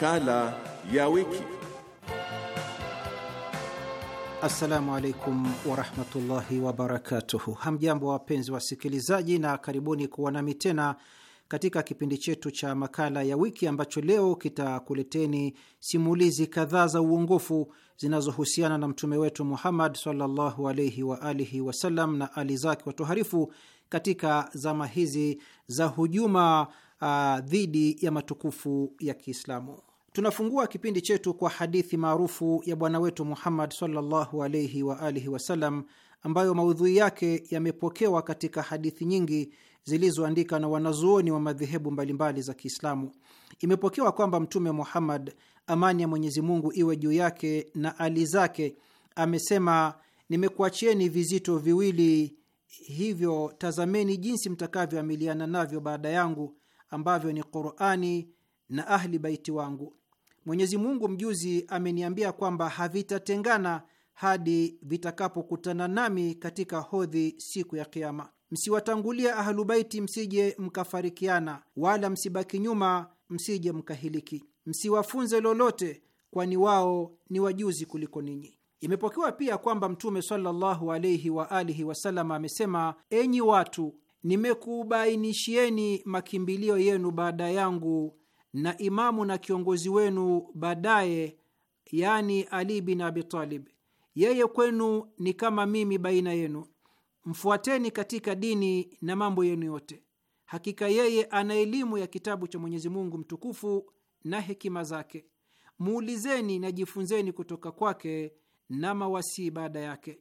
Makala ya wiki. Assalamu alaikum warahmatullahi wabarakatuhu. Hamjambo wapenzi wasikilizaji, na karibuni kuwa nami tena katika kipindi chetu cha makala ya wiki ambacho leo kitakuleteni simulizi kadhaa za uongofu zinazohusiana na mtume wetu Muhammad sallallahu alaihi wa alihi wasallam na ali zake watoharifu katika zama hizi za hujuma uh, dhidi ya matukufu ya Kiislamu. Tunafungua kipindi chetu kwa hadithi maarufu ya bwana wetu Muhammad sallallahu alaihi wa alihi wasallam ambayo maudhui yake yamepokewa katika hadithi nyingi zilizoandika na wanazuoni wa madhehebu mbalimbali za Kiislamu. Imepokewa kwamba Mtume Muhammad, amani ya Mwenyezi Mungu iwe juu yake na ali zake, amesema, nimekuachieni vizito viwili, hivyo tazameni jinsi mtakavyoamiliana navyo baada yangu, ambavyo ni Qurani na ahli baiti wangu. Mwenyezi Mungu mjuzi ameniambia kwamba havitatengana hadi vitakapokutana nami katika hodhi siku ya Kiama. Msiwatangulia ahlubaiti msije mkafarikiana, wala msibaki nyuma msije mkahiliki. Msiwafunze lolote, kwani wao ni wajuzi kuliko ninyi. Imepokewa pia kwamba Mtume sallallahu alaihi wa alihi wasallam amesema, enyi watu, nimekubainishieni makimbilio yenu baada yangu na imamu na kiongozi wenu baadaye, yani Ali bin Abi Talib. Yeye kwenu ni kama mimi baina yenu. Mfuateni katika dini na mambo yenu yote. Hakika yeye ana elimu ya kitabu cha Mwenyezi Mungu mtukufu na hekima zake. Muulizeni na jifunzeni kutoka kwake na mawasii baada yake.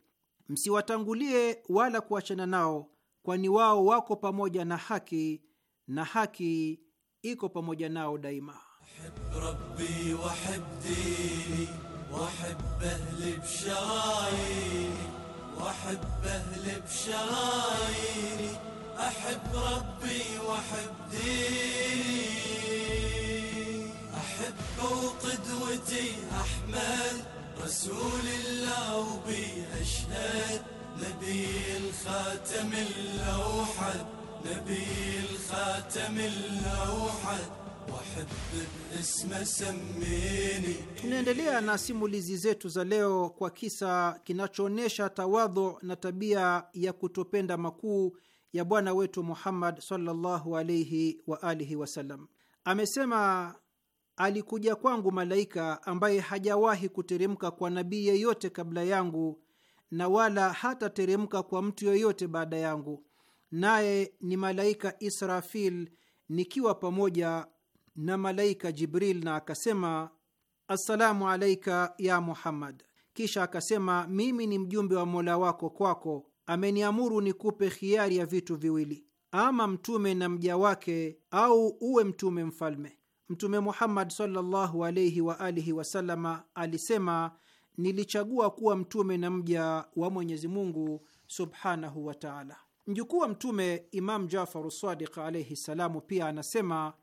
Msiwatangulie wala kuachana nao, kwani wao wako pamoja na haki na haki iko pamoja nao daima. Nabii al-Khatam al-Awhad نبي الخاتم الأوحد Tunaendelea na simulizi zetu za leo kwa kisa kinachoonyesha tawadhu na tabia ya kutopenda makuu ya bwana wetu Muhammad sallallahu alaihi wa alihi wasallam. Amesema, alikuja kwangu malaika ambaye hajawahi kuteremka kwa nabii yeyote kabla yangu na wala hatateremka kwa mtu yeyote baada yangu naye ni malaika Israfil nikiwa pamoja na malaika Jibril, na akasema assalamu alaika ya Muhammad. Kisha akasema mimi ni mjumbe wa mola wako kwako, ameniamuru nikupe khiari ya vitu viwili, ama mtume na mja wake, au uwe mtume mfalme. Mtume Muhammad sallallahu alaihi wa alihi alisema, nilichagua kuwa mtume na mja wa Mwenyezi Mungu subhanahu wa taala. Mjukuu wa Mtume Imam Jafaru Sadiq alaihi ssalamu pia anasema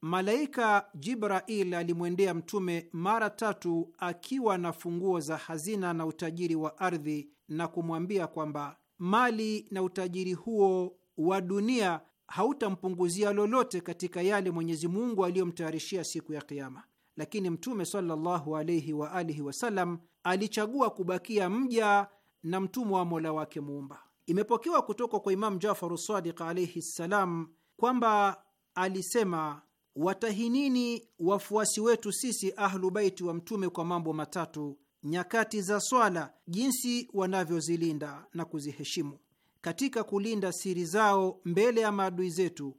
malaika Jibrail alimwendea Mtume mara tatu akiwa na funguo za hazina na utajiri wa ardhi na kumwambia kwamba mali na utajiri huo wa dunia hautampunguzia lolote katika yale Mwenyezi Mungu aliyomtayarishia siku ya Kiama. Lakini Mtume sallallahu alaihi wasallam alichagua kubakia mja na mtumwa wa mola wake Muumba. Imepokewa kutoka kwa Imamu Jafaru Sadiq alaihi ssalam kwamba alisema, watahinini wafuasi wetu sisi Ahlu Baiti wa Mtume kwa mambo matatu: nyakati za swala, jinsi wanavyozilinda na kuziheshimu, katika kulinda siri zao mbele ya maadui zetu,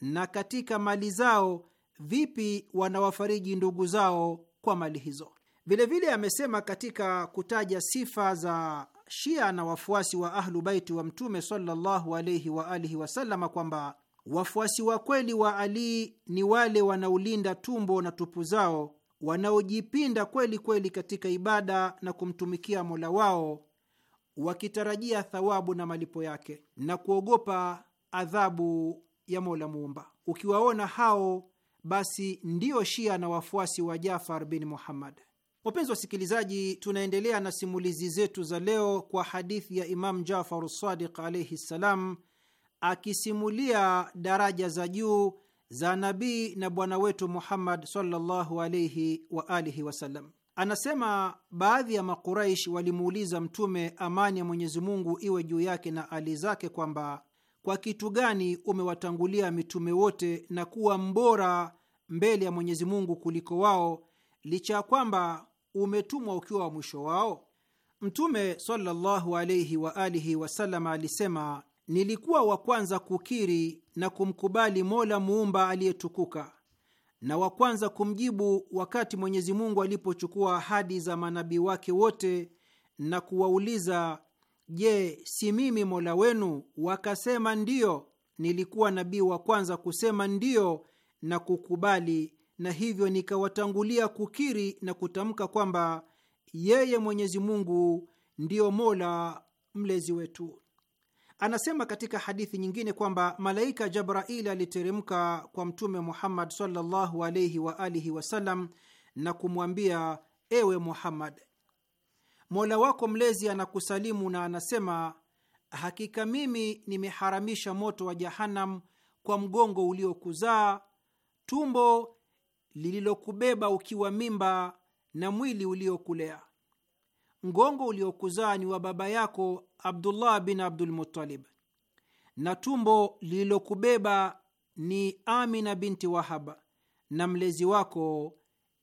na katika mali zao, vipi wanawafariji ndugu zao kwa mali hizo. Vilevile amesema katika kutaja sifa za Shia na wafuasi wa Ahlu Baiti wa Mtume sallallahu alaihi wa alihi wasallama kwamba wafuasi wa kweli wa Ali ni wale wanaolinda tumbo na tupu zao, wanaojipinda kweli kweli katika ibada na kumtumikia Mola wao wakitarajia thawabu na malipo yake na kuogopa adhabu ya Mola Muumba. Ukiwaona hao, basi ndio Shia na wafuasi wa Jafar bin Muhammad. Wapenzi wasikilizaji, tunaendelea na simulizi zetu za leo kwa hadithi ya Imam Jafar Sadiq alaihi ssalam, akisimulia daraja za juu za nabii na bwana wetu Muhammad sallallahu alaihi wa alihi wasallam. Anasema baadhi ya Makuraish walimuuliza Mtume, amani ya Mwenyezi Mungu iwe juu yake na ali zake, kwamba kwa kitu gani umewatangulia mitume wote na kuwa mbora mbele ya Mwenyezi Mungu kuliko wao, licha ya kwamba umetumwa ukiwa wa mwisho wao? Mtume sallallahu alaihi wa alihi wasallam alisema, nilikuwa wa kwanza kukiri na kumkubali Mola muumba aliyetukuka na wa kwanza kumjibu wakati Mwenyezi Mungu alipochukua ahadi za manabii wake wote na kuwauliza, Je, si mimi Mola wenu? Wakasema ndiyo. Nilikuwa nabii wa kwanza kusema ndiyo na kukubali na hivyo nikawatangulia kukiri na kutamka kwamba yeye Mwenyezi Mungu ndiyo Mola mlezi wetu. Anasema katika hadithi nyingine kwamba malaika Jabrail aliteremka kwa Mtume Muhammad sallallahu alaihi wa alihi wasallam na kumwambia, ewe Muhammad, Mola wako mlezi anakusalimu na anasema, hakika mimi nimeharamisha moto wa Jahanam kwa mgongo uliokuzaa, tumbo lililokubeba ukiwa mimba na mwili uliokulea. Mgongo uliokuzaa ni wa baba yako Abdullah bin Abdulmuttalib, na tumbo lililokubeba ni Amina binti Wahaba, na mlezi wako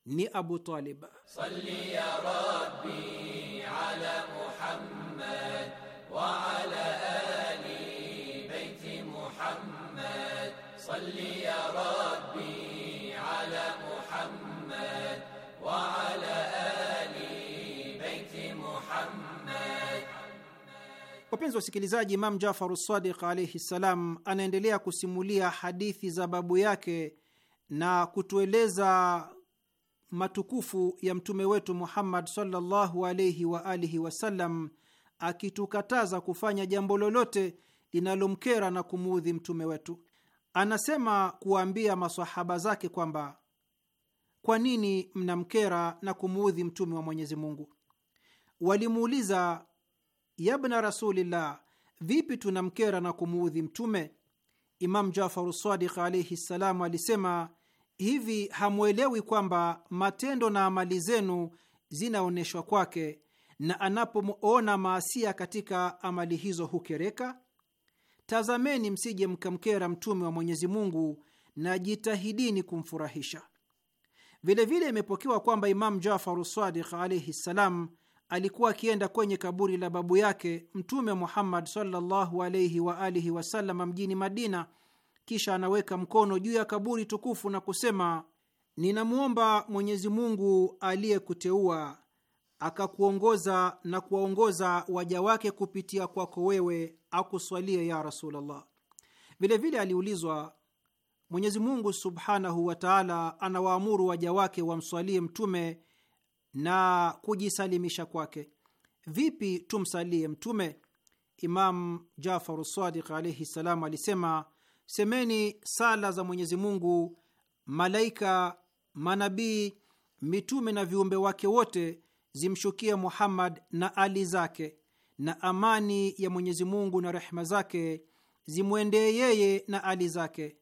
ni Abu Talib. Salli ya Rabbi Wapenzi wasikilizaji, Imam Jafar Sadiq alaihi ssalam anaendelea kusimulia hadithi za babu yake na kutueleza matukufu ya mtume wetu Muhammad sallallahu alaihi wa alihi wasallam akitukataza kufanya jambo lolote linalomkera na kumuudhi mtume wetu. Anasema kuwaambia masahaba zake kwamba kwa nini mnamkera na kumuudhi mtume wa Mwenyezi Mungu? Walimuuliza, yabna rasulillah, vipi tunamkera na kumuudhi Mtume? Imamu Jafaru Sadiq alaihi ssalam alisema hivi, hamwelewi kwamba matendo na amali zenu zinaonyeshwa kwake, na anapomwona maasia katika amali hizo hukereka? Tazameni msije mkamkera Mtume wa Mwenyezi Mungu na jitahidini kumfurahisha. Vilevile imepokewa kwamba Imamu Jafaru Sadiq alaihi ssalam alikuwa akienda kwenye kaburi la babu yake Mtume Muhammad sallallahu alaihi wa alihi wasallam mjini Madina, kisha anaweka mkono juu ya kaburi tukufu na kusema, ninamwomba Mwenyezi Mungu aliyekuteua akakuongoza na kuwaongoza waja wake kupitia kwako wewe, akuswalie ya Rasulullah. Vilevile aliulizwa, Mwenyezi Mungu subhanahu wa taala anawaamuru waja wake wamswalie mtume na kujisalimisha kwake. Vipi tumsalie Mtume? Imam Jafaru Sadiq alaihi ssalam alisema, semeni sala za Mwenyezi Mungu, malaika, manabii, mitume na viumbe wake wote zimshukie Muhammad na ali zake, na amani ya Mwenyezi Mungu na rehma zake zimwendee yeye na ali zake.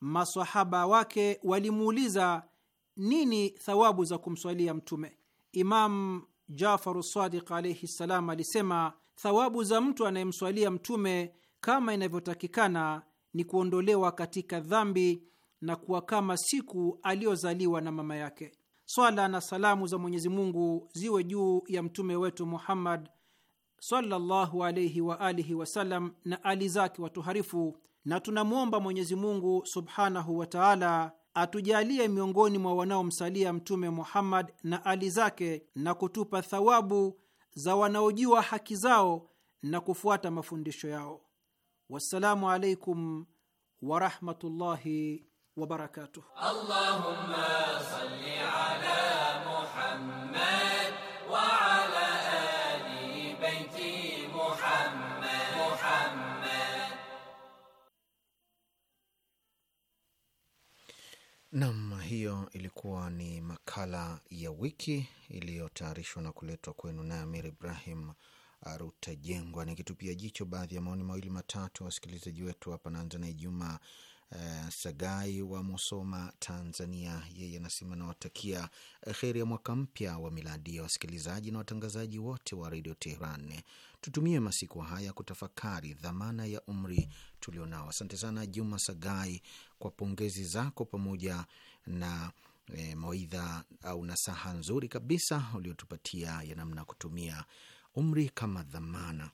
Masahaba wake walimuuliza, nini thawabu za kumswalia Mtume? Imam Jafaru Sadiq alaihi ssalam alisema, thawabu za mtu anayemswalia Mtume kama inavyotakikana ni kuondolewa katika dhambi na kuwa kama siku aliyozaliwa na mama yake. Swala na salamu za Mwenyezi Mungu ziwe juu ya mtume wetu Muhammad sallallahu alaihi wa alihi wasallam na ali zake watuharifu na tunamwomba Mwenyezi Mungu subhanahu wa taala atujalie miongoni mwa wanaomsalia Mtume Muhammad na ali zake na kutupa thawabu za wanaojua haki zao na kufuata mafundisho yao. Wassalamu alaikum warahmatullahi wabarakatuh. Allahumma salli Nam, hiyo ilikuwa ni makala ya wiki iliyotayarishwa na kuletwa kwenu naye Amir Ibrahim Rutajengwa. kitupia jicho baadhi ya maoni mawili matatu wasikilizaji wetu hapa, naanza naye Juma eh, Sagai wa Musoma, Tanzania. Yeye anasema nawatakia eh, heri ya mwaka mpya wa miladi ya wasikilizaji na watangazaji wote wa redio Tehran. Tutumie masiku haya kutafakari dhamana ya umri tulionao. Asante sana Juma Sagai kwa pongezi zako pamoja na e, mawaidha au nasaha nzuri kabisa uliotupatia ya namna kutumia umri kama dhamana.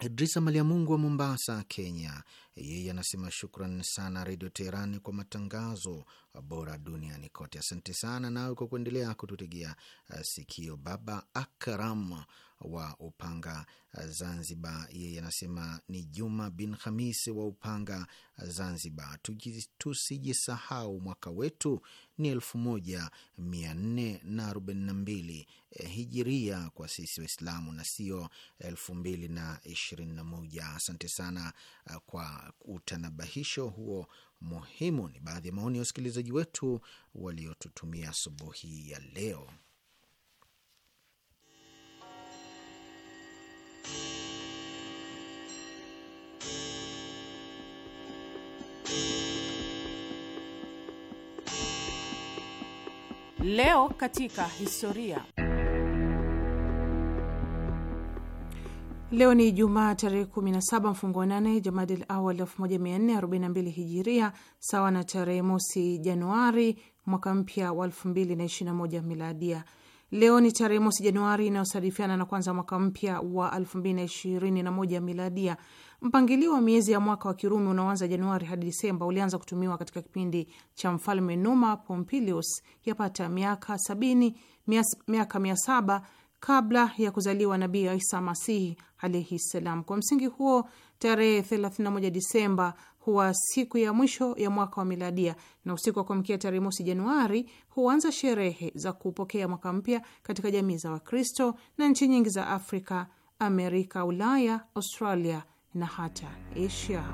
Idrisa Maliamungu wa Mombasa, Kenya, yeye anasema shukran sana Redio teheran kwa matangazo bora duniani kote. Asante sana nawe kwa kuendelea kututegea eh, sikio. Baba Akram wa Upanga uh, Zanzibar. Yeye anasema ni Juma bin hamis wa Upanga uh, Zanzibar. Tusijisahau mwaka wetu ni elfu moja mia nne na arobaini na mbili eh, hijiria kwa sisi Waislamu na sio elfu mbili na ishirini na moja. Asante sana uh, kwa utanabahisho huo muhimu. Ni baadhi ya maoni ya wasikilizaji wetu waliotutumia asubuhi ya leo. Leo katika historia. Leo ni Ijumaa tarehe 17 mfungo wa nane Jamadil Awal 1442 Hijiria, sawa na tarehe mosi Januari mwaka mpya wa 2021 Miladia. Leo ni tarehe mosi Januari inayosadifiana na kwanza mwaka mpya wa 2021 miladia. Mpangilio wa miezi ya mwaka wa Kirumi unaoanza Januari hadi Disemba ulianza kutumiwa katika kipindi cha mfalme Numa Pompilius yapata miaka sabini mias, miaka mia saba kabla ya kuzaliwa Nabii Isa Masihi alaihi ssalam. Kwa msingi huo tarehe 31 Disemba huwa siku ya mwisho ya mwaka wa miladia, na usiku wa kuamkia tarehe mosi Januari huanza sherehe za kupokea mwaka mpya katika jamii za Wakristo na nchi nyingi za Afrika, Amerika, Ulaya, Australia na hata Asia.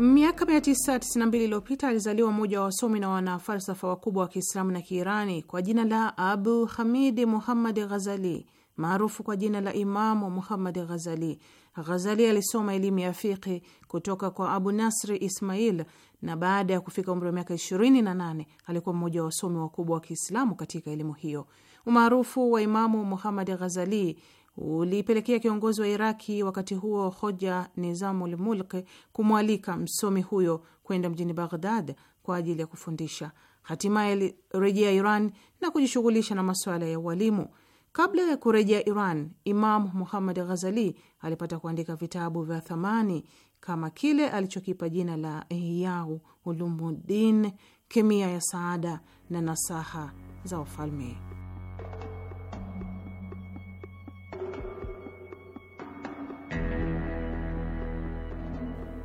Miaka 992 iliyopita alizaliwa mmoja wa wasomi na wanafalsafa wakubwa wa Kiislamu na Kiirani kwa jina la Abu Hamidi Muhammad Ghazali maarufu kwa jina la Imamu Muhammad Ghazali. Ghazali alisoma elimu ya fiqhi kutoka kwa Abu Nasri Ismail na baada ya kufika umri wa miaka 28 alikuwa mmoja wa wasomi wakubwa wa Kiislamu katika elimu hiyo. Umaarufu wa Imamu Muhammad Ghazali ulipelekea kiongozi wa Iraki wakati huo hoja Nizamul Mulk kumwalika msomi huyo kwenda mjini Baghdad kwa ajili ya kufundisha. Hatimaye alirejea Iran na kujishughulisha na masuala ya ualimu. Kabla ya kurejea Iran, Imam Muhammad Ghazali alipata kuandika vitabu vya thamani kama kile alichokipa jina la Ihyau Ulumuddin, Kemia ya Saada na Nasaha za Ufalme.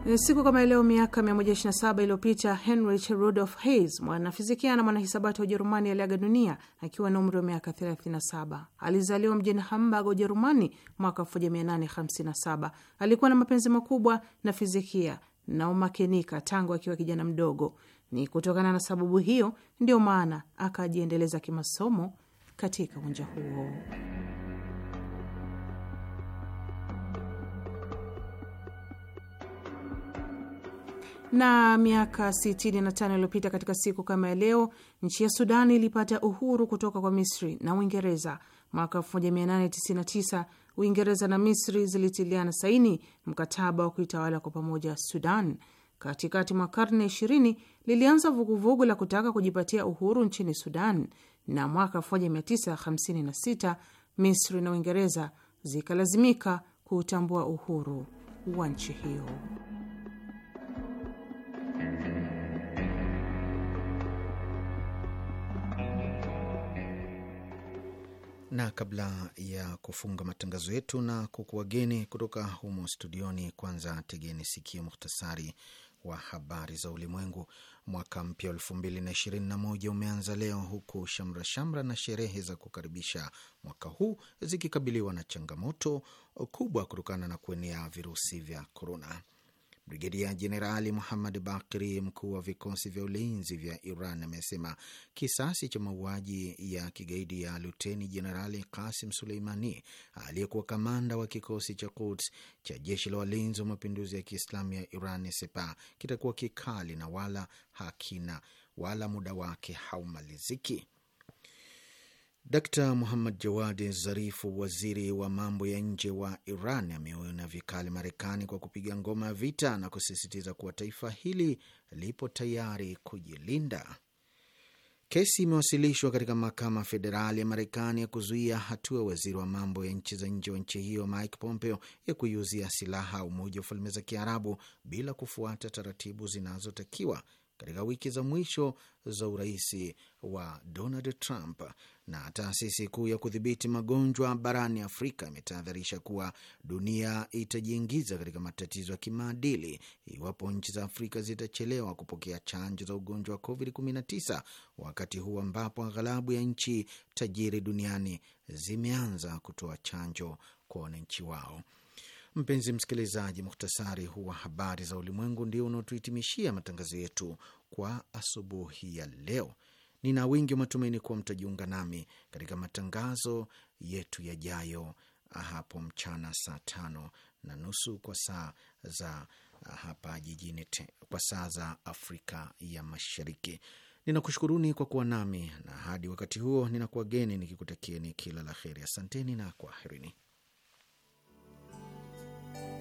Eh, siku kama leo miaka 127 iliyopita Heinrich Rudolf Hertz, mwanafizikia na mwanahisabati wa Ujerumani, aliaga dunia akiwa na umri wa miaka 37. Alizaliwa mjini Hamburg, Ujerumani mwaka 1857. Alikuwa na mapenzi makubwa na fizikia na umakenika tangu akiwa kijana mdogo. Ni kutokana na sababu hiyo ndiyo maana akajiendeleza kimasomo katika uwanja huo. Na miaka 65 iliyopita katika siku kama ya leo, nchi ya sudan ilipata uhuru kutoka kwa Misri na Uingereza. Mwaka 1899 Uingereza na Misri zilitiliana saini mkataba wa kuitawala kwa pamoja Sudan. Katikati mwa karne 20 lilianza vuguvugu la kutaka kujipatia uhuru nchini Sudan, na mwaka 1956 Misri na Uingereza zikalazimika kuutambua uhuru wa nchi hiyo. na kabla ya kufunga matangazo yetu na kukuwageni kutoka humo studioni, kwanza tegeni sikio muhtasari wa habari za ulimwengu. Mwaka mpya elfu mbili na ishirini na moja umeanza leo huku shamra shamra na sherehe za kukaribisha mwaka huu zikikabiliwa na changamoto kubwa kutokana na kuenea virusi vya korona. Brigedia Jenerali Muhammad Bakri, mkuu wa vikosi vya ulinzi vya Iran, amesema kisasi cha mauaji ya kigaidi ya Luteni Jenerali Kasim Suleimani, aliyekuwa kamanda wa kikosi cha Quds cha jeshi la walinzi wa mapinduzi ya Kiislamu ya Iran, sepa kitakuwa kikali na wala hakina wala muda wake haumaliziki. Dkt Muhammad jawad Zarifu, waziri wa mambo ya nje wa Iran, ameona vikali Marekani kwa kupiga ngoma ya vita na kusisitiza kuwa taifa hili lipo tayari kujilinda. Kesi imewasilishwa katika mahakama federali ya Marekani ya kuzuia hatua ya waziri wa mambo ya nchi za nje wa nchi hiyo Mike Pompeo ya kuiuzia silaha Umoja wa Falme za Kiarabu bila kufuata taratibu zinazotakiwa katika wiki za mwisho za urais wa Donald Trump. Na taasisi kuu ya kudhibiti magonjwa barani Afrika imetahadharisha kuwa dunia itajiingiza katika matatizo ya kimaadili iwapo nchi za Afrika zitachelewa kupokea chanjo za ugonjwa wa COVID-19 wakati huu ambapo aghalabu ya nchi tajiri duniani zimeanza kutoa chanjo kwa wananchi wao. Mpenzi msikilizaji, muhtasari huu wa habari za ulimwengu ndio unaotuhitimishia matangazo yetu kwa asubuhi ya leo. Nina wingi wa matumaini kuwa mtajiunga nami katika matangazo yetu yajayo hapo mchana saa tano na nusu kwa saa za hapa jijini, kwa saa za Afrika ya Mashariki. Ninakushukuruni kwa kuwa nami na hadi wakati huo, ninakuwageni nikikutakieni kila la heri. Asanteni na kwaherini. thank you